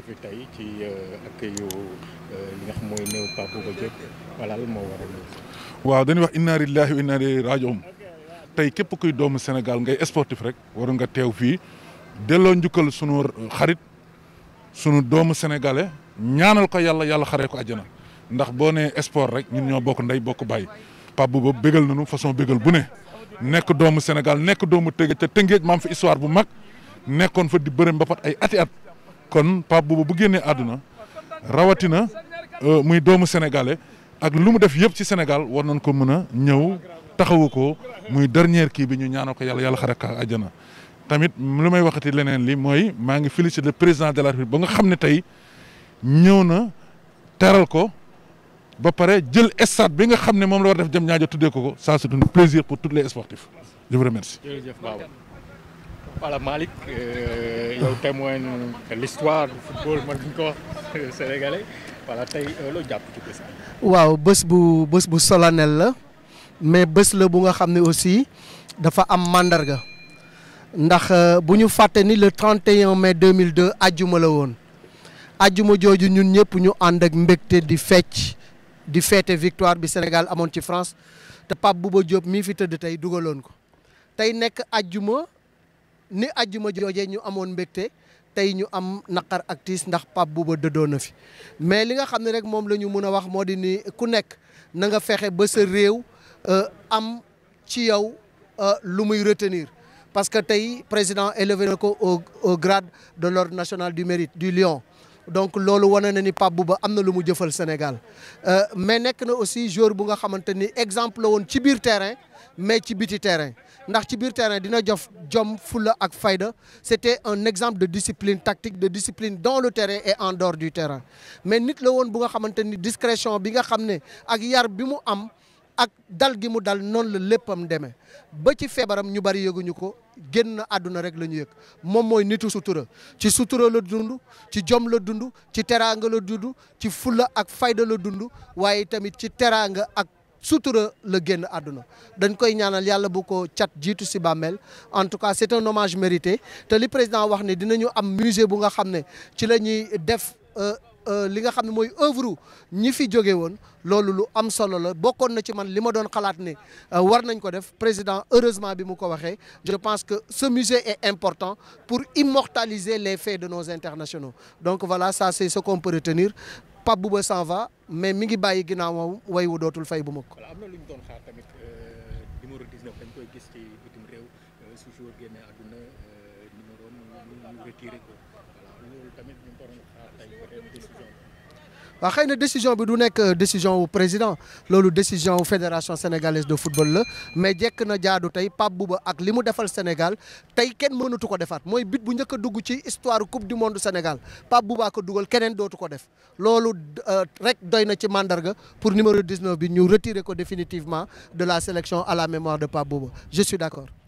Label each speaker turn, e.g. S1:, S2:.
S1: ci euh, accueil euh, li nga xam
S2: waaw dañuy wax inna lillahi wa inna ilayhi raji'un tey képp kuy doomu Sénégal ngay sportif rek waroon nga teew fii delloo njukkal sunu xarit sunu doomu sénégalais ñaanal ko yàlla yàlla xaree ko na ndax boo nee sport rek ñun ñoo bokk ndey bokk baay Pape Bouba bégal nañu façon bégal bu ne nekk doomu Sénégal nekk doomu Tëngéej te Tëngéej maam fi histoire bu mag nekkoon fa di bërëm ba pat ay ati at kon Pape Bouba bu génnee àdduna rawatina euh, muy doomu sénégalais ak lu mu def yëpp ci Sénégal war nañ ko mën a ñëw taxawu ko muy dernière kii bi ñu ñaanal ko yàlla yàlla xare ka àjjana tamit lu may waxati leneen li mooy maa ngi féliciter le président de la République ba nga xam ne tey ñëw na teral ko ba pare jël stade bi nga xam ne moom la war def jëm ñaajo tuddee ko ko ça c'est un plaisir pour tous les sportifs je vous
S1: yow témoin de l'histoire du football mën nañu ko wax sénégalais voilà tey euh, loo jàpp ci bés waaw bés bu bés bu la mais bés la bu nga xam ne aussi dafa am màndarga ndax euh, bu ñu fàtte ni le 31 mai 2002 ajjuma la woon ajjuma jooju ñun ñëpp ñu ànd ak mbégte di fecc di fête victoire bi Sénégal amoon ci France te Pape Bouba Diop mii fi tëdd tey dugaloon ko tey nekk ajjuma. ni àjjuma joojee ñu amoon mbégte tey ñu am naqar ak ndax Pape Bouba dëddoo na fi mais li nga xam ne rek moom la ñu mën a wax moo di ni ku nekk na nga fexe ba sa réew euh, am ci yow euh, lu muy retenir parce que tey président élevé ko au au grade de l'ordre national du mérite du Lion donc loolu wane na ni Pape Bouba am na lu mu jëfal Sénégal euh, mais nekk na aussi joueur bu nga xamante ni exemple woon ci biir terrain mais ci biti terrain ndax ci biir terrain dina jof jom fulla ak fayda c'était un exemple de discipline tactique de discipline dans le terrain et un dor du terrain mais nit la woon bu nga xamante ni discrétion bi nga xam ne ak yar bi mu am ak dal gi mu dal noonu la léppam demee ba ci feebaram ñu bari yëguñu ko génn àdduna rek la ñu yëg moom mooy nitu sutura ci sutura la dund ci jom la dund ci teraanga la dund ci fulla ak fayda la dund waaye tamit ci teraanga ak surtout la génn àdduna dañ koy ñaanal yàlla bu ko cat jiitu si bàmmeel en tout cas c'est un hommage mérité te li président wax ne dinañu am musée bu nga xam ne ci la ñuy def euh, euh, li nga xam ne mooy œuvre ñi fi jóge woon loolu lu am solo la bokkoon na ci man li ma doon xalaat ne euh, war nañ ko def président heureusement bi mu ko waxee je pense que ce musée est important pour immortaliser les faits de nos internationaux donc voilà ça c'est ce qu'on peut Pape Bouba s'en va mais mi ngi bàyyi ginnaawam way wu dootul fay bu mukk.
S2: am na lu ñu doon xaar tamit euh, numéro 19 dañ koy gis ci bitim réew euh, su joueur génnee àdduna euh, numéro ñu retiré ko voilà loolu tamit ñu ngi ko doon xaar tey
S1: waa xëy na décision bi du nekk euh, décision wu président loolu décision wu fédération sénégalaise de football la mais jekk na jaadu tey Pape Bouba ak li mu defal Sénégal tey kenn mënatu ko defaat mooy bit bu njëkk dugg ci histoire coupe du monde Sénégal Pape Bouba ko dugal keneen dootu ko def loolu euh, rek doy na ci mandarga pour numéro 19 bi ñu retirer ko définitivement de la sélection à la mémoire de Pape Bouba je d'accord